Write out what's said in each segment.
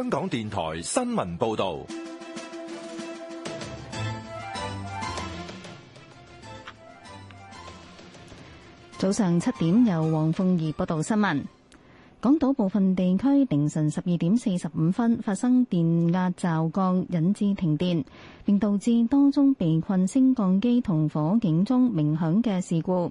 香港電台新聞報道，早上七點由黃鳳儀報道新聞。港島部分地區凌晨十二點四十五分發生電壓驟降，降，引致停電，並導致多宗被困升降機同火警鐘鳴響嘅事故。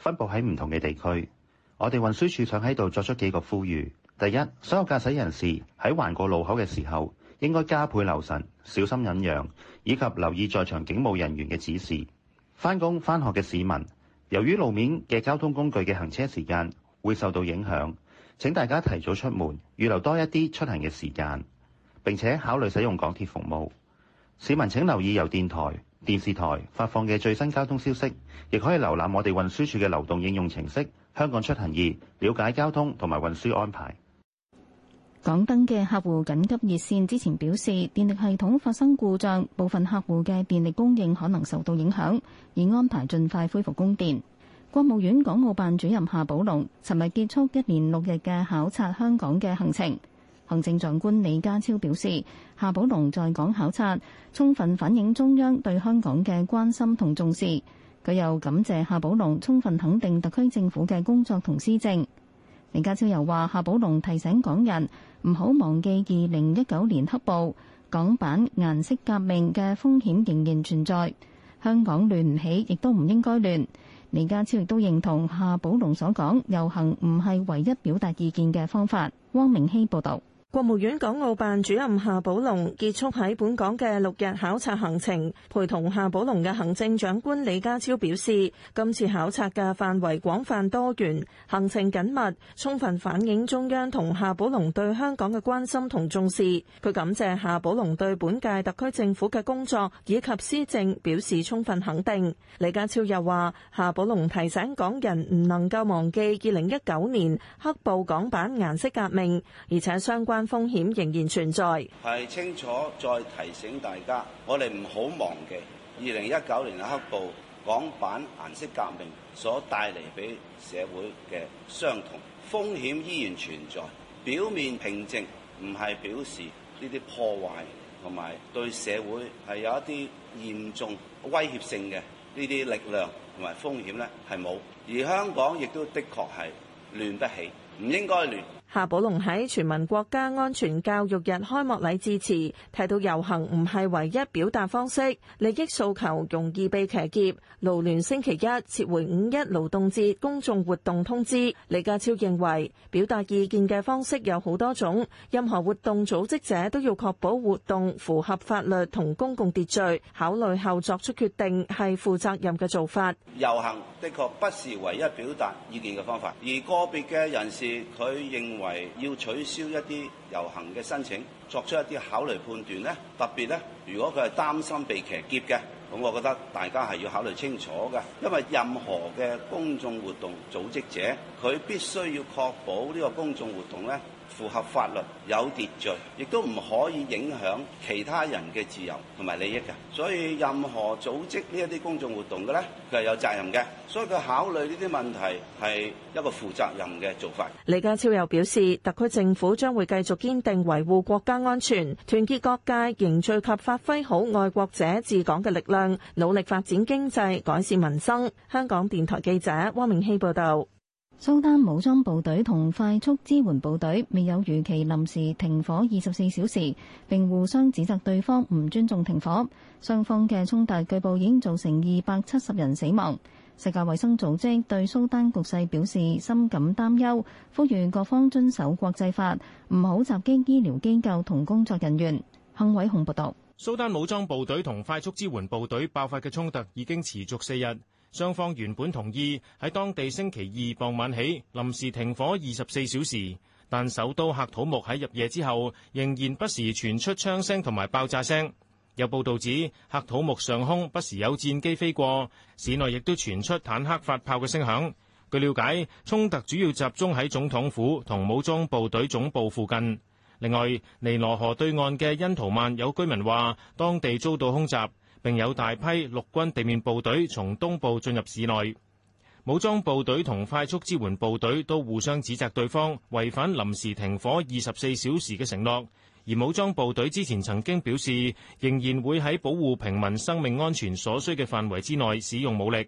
分佈喺唔同嘅地區，我哋運輸署想喺度作出幾個呼籲，第一，所有駕駛人士喺橫過路口嘅時候，應該加倍留神，小心忍讓，以及留意在場警務人員嘅指示。翻工翻學嘅市民，由於路面嘅交通工具嘅行車時間會受到影響，請大家提早出門，預留多一啲出行嘅時間，並且考慮使用港鐵服務，市民請留意由電台電視台發放嘅最新交通消息，亦可以瀏覽我哋運輸處嘅流動應用程式《香港出行易》，了解交通同埋運輸安排。港燈嘅客戶緊急熱線之前表示，電力系統發生故障，部分客戶嘅電力供應可能受到影響，已安排盡快恢復供電。國務院港澳辦主任夏寶龍尋日結束一連六日嘅考察香港嘅行程。行政長官李家超表示，夏寶龍在港考察，充分反映中央對香港嘅關心同重視。佢又感謝夏寶龍充分肯定特區政府嘅工作同施政。李家超又話：夏寶龍提醒港人唔好忘記二零一九年黑暴、港版顏色革命嘅風險仍然存在。香港亂唔起，亦都唔應該亂。李家超亦都認同夏寶龍所講，遊行唔係唯一表達意見嘅方法。汪明熙報導。國務院港澳辦主任夏寶龍結束喺本港嘅六日考察行程，陪同夏寶龍嘅行政長官李家超表示，今次考察嘅範圍廣泛多元，行程緊密，充分反映中央同夏寶龍對香港嘅關心同重視。佢感謝夏寶龍對本屆特區政府嘅工作以及施政表示充分肯定。李家超又話，夏寶龍提醒港人唔能夠忘記二零一九年黑暴港版顏色革命，而且相關。風險仍然存在，係清楚再提醒大家，我哋唔好忘記，二零一九年嘅黑暴、港版顏色革命所帶嚟俾社會嘅傷痛，風險依然存在。表面平靜唔係表示呢啲破壞同埋對社會係有一啲嚴重威脅性嘅呢啲力量同埋風險咧係冇，而香港亦都的確係亂不起，唔應該亂。夏寶龍喺全民國家安全教育日開幕禮致辭，提到遊行唔係唯一表達方式，利益訴求容易被騎劫。勞聯星期一撤回五一勞動節公眾活動通知。李家超認為，表達意見嘅方式有好多種，任何活動組織者都要確保活動符合法律同公共秩序，考慮後作出決定係負責任嘅做法。遊行的確不是唯一表達意見嘅方法，而個別嘅人士佢認為。為要取消一啲遊行嘅申請，作出一啲考慮判斷咧，特別咧，如果佢係擔心被騎劫嘅。咁我覺得大家係要考慮清楚嘅，因為任何嘅公眾活動組織者，佢必須要確保呢個公眾活動呢符合法律、有秩序，亦都唔可以影響其他人嘅自由同埋利益嘅。所以任何組織呢一啲公眾活動嘅呢，佢係有責任嘅。所以佢考慮呢啲問題係一個負責任嘅做法。李家超又表示，特區政府將會繼續堅定維護國家安全，團結各界，凝聚及發揮好愛國者治港嘅力量。努力發展經濟，改善民生。香港電台記者汪明希報道：蘇丹武裝部隊同快速支援部隊未有如期臨時停火二十四小時，並互相指責對方唔尊重停火。雙方嘅衝突據報已經造成二百七十人死亡。世界衛生組織對蘇丹局勢表示深感擔憂，呼籲各方遵守國際法，唔好襲擊醫療機構同工作人員。幸偉雄報道。蘇丹武裝部隊同快速支援部隊爆發嘅衝突已經持續四日，雙方原本同意喺當地星期二傍晚起臨時停火二十四小時，但首都喀土木喺入夜之後仍然不時傳出槍聲同埋爆炸聲。有報導指，喀土木上空不時有戰機飛過，市內亦都傳出坦克發炮嘅聲響。據了解，衝突主要集中喺總統府同武裝部隊總部附近。另外，尼羅河對岸嘅恩圖曼有居民話，當地遭到空襲，並有大批陸軍地面部隊從東部進入市內。武裝部隊同快速支援部隊都互相指責對方違反臨時停火二十四小時嘅承諾，而武裝部隊之前曾經表示仍然會喺保護平民生命安全所需嘅範圍之內使用武力。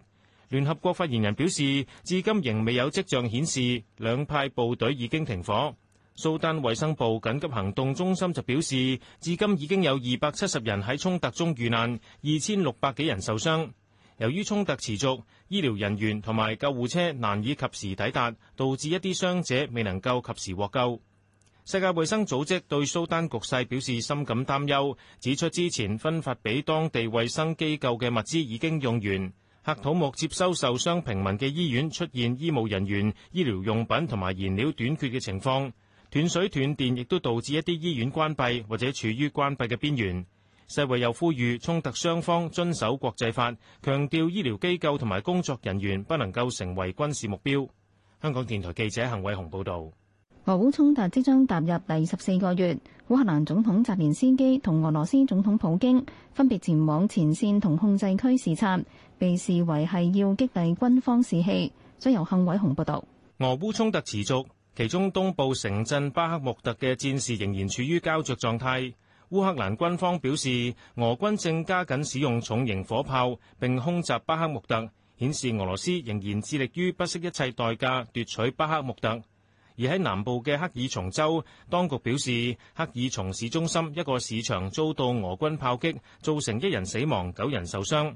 聯合國發言人表示，至今仍未有跡象顯示兩派部隊已經停火。蘇丹衛生部緊急行動中心就表示，至今已經有二百七十人喺衝突中遇難，二千六百幾人受傷。由於衝突持續，醫療人員同埋救護車難以及時抵達，導致一啲傷者未能夠及時獲救。世界衛生組織對蘇丹局勢表示深感擔憂，指出之前分發俾當地衛生機構嘅物資已經用完，喀土穆接收受傷平民嘅醫院出現醫務人員、醫療用品同埋燃料短缺嘅情況。斷水斷電亦都導致一啲醫院關閉或者處於關閉嘅邊緣。世衛又呼籲衝突雙方遵守國際法，強調醫療機構同埋工作人員不能夠成為軍事目標。香港電台記者幸偉雄報導。俄烏衝突即將踏入第十四個月，烏克蘭總統澤連斯基同俄羅斯總統普京分別前往前線同控制區視察，被視為係要激勵軍方士氣。所以由幸偉雄報導。俄烏衝突持續。其中東部城鎮巴克穆特嘅戰士仍然處於膠着狀態。烏克蘭軍方表示，俄軍正加緊使用重型火炮並空襲巴克穆特，顯示俄羅斯仍然致力於不惜一切代價奪取巴克穆特。而喺南部嘅克爾松州，當局表示，克爾松市中心一個市場遭到俄軍炮擊，造成一人死亡、九人受傷。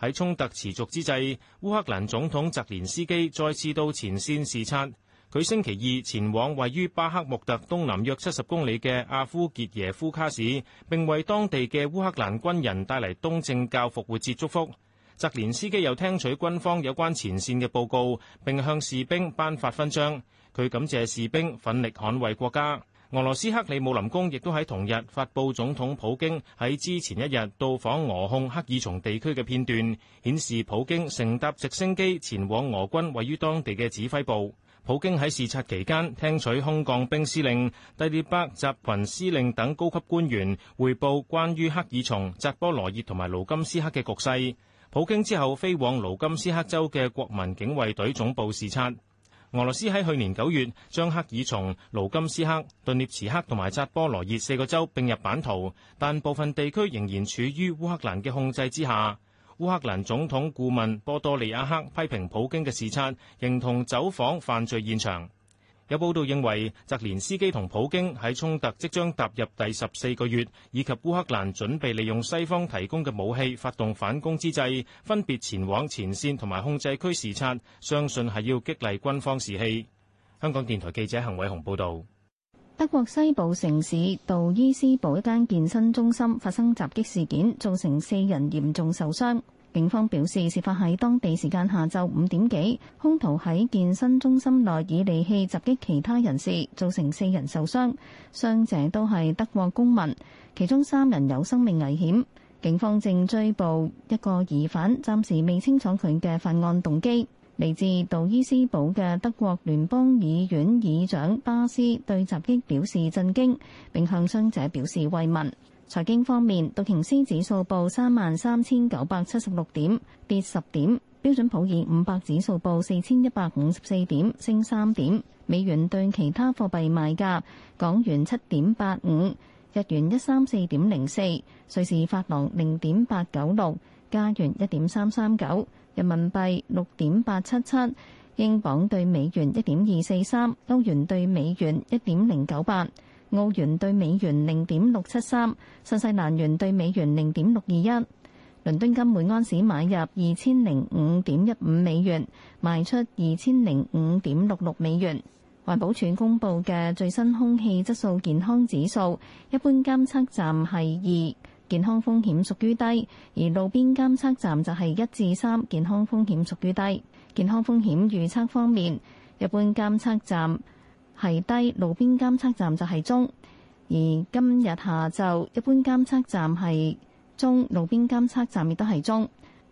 喺衝突持續之際，烏克蘭總統澤連斯基再次到前線視察。佢星期二前往位於巴克莫特東南約七十公里嘅阿夫傑耶夫卡市，並為當地嘅烏克蘭軍人帶嚟東正教復活節祝福。澤連斯基又聽取軍方有關前線嘅報告，並向士兵頒發勳章。佢感謝士兵奮力捍衛國家。俄羅斯克里姆林宮亦都喺同日發佈總統普京喺之前一日到訪俄控克爾松地區嘅片段，顯示普京乘搭直升機前往俄軍位於當地嘅指揮部。普京喺視察期間聽取空降兵司令、第列巴集群司令等高級官員匯報關於克爾松、扎波羅熱同埋盧甘斯克嘅局勢，普京之後飛往盧甘斯克州嘅國民警衛隊總部視察。俄羅斯喺去年九月將克爾松、盧甘斯克、頓涅茨克同埋扎波羅熱四個州併入版圖，但部分地區仍然處於烏克蘭嘅控制之下。烏克蘭總統顧問波多利亞克批評普京嘅視察，認同走訪犯罪現場。有報道認為，澤連斯基同普京喺衝突即將踏入第十四個月，以及烏克蘭準備利用西方提供嘅武器發動反攻之際，分別前往前線同埋控制區視察，相信係要激勵軍方士氣。香港電台記者陳偉雄報道。德國西部城市杜伊斯堡一間健身中心發生襲擊事件，造成四人嚴重受傷。警方表示，事發喺當地時間下晝五點幾，兇徒喺健身中心內以利器襲擊其他人士，造成四人受傷，傷者都係德國公民，其中三人有生命危險。警方正追捕一個疑犯，暫時未清楚佢嘅犯案動機。嚟自杜伊斯堡嘅德國聯邦議院議長巴斯對襲擊表示震驚，並向傷者表示慰問。財經方面，道瓊斯指數報三萬三千九百七十六點，跌十點；標準普爾五百指數報四千一百五十四點，升三點。美元兌其他貨幣賣價：港元七點八五，日元一三四點零四，瑞士法郎零點八九六，加元一點三三九。人民幣六點八七七，英鎊對美元一點二四三，歐元對美元一點零九八，澳元對美元零點六七三，新西蘭元對美元零點六二一。倫敦金每安士買入二千零五點一五美元，賣出二千零五點六六美元。環保署公布嘅最新空氣質素健康指數，一般監測站係二。健康風險屬於低，而路邊監測站就係一至三，健康風險屬於低。健康風險預測方面，一般監測站係低，路邊監測站就係中。而今日下晝一般監測站係中，路邊監測站亦都係中。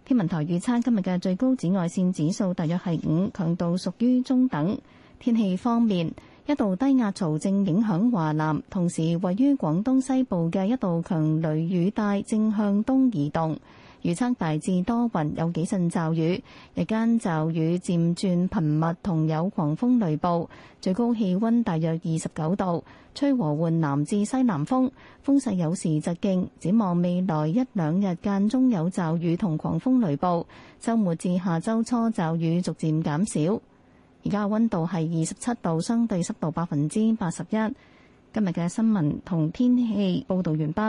天文台預測今日嘅最高紫外線指數大約係五，強度屬於中等。天氣方面。一道低壓槽正影響華南，同時位於廣東西部嘅一道強雷雨帶正向東移動，預測大致多雲有幾陣驟雨，日間驟雨漸轉頻密，同有狂風雷暴。最高氣溫大約二十九度，吹和緩南至西南風，風勢有時疾勁，展望未來一兩日間中有驟雨同狂風雷暴，周末至下周初驟雨逐漸減少。而家嘅溫度係二十七度，相對濕度百分之八十一。今日嘅新聞同天氣報道完畢。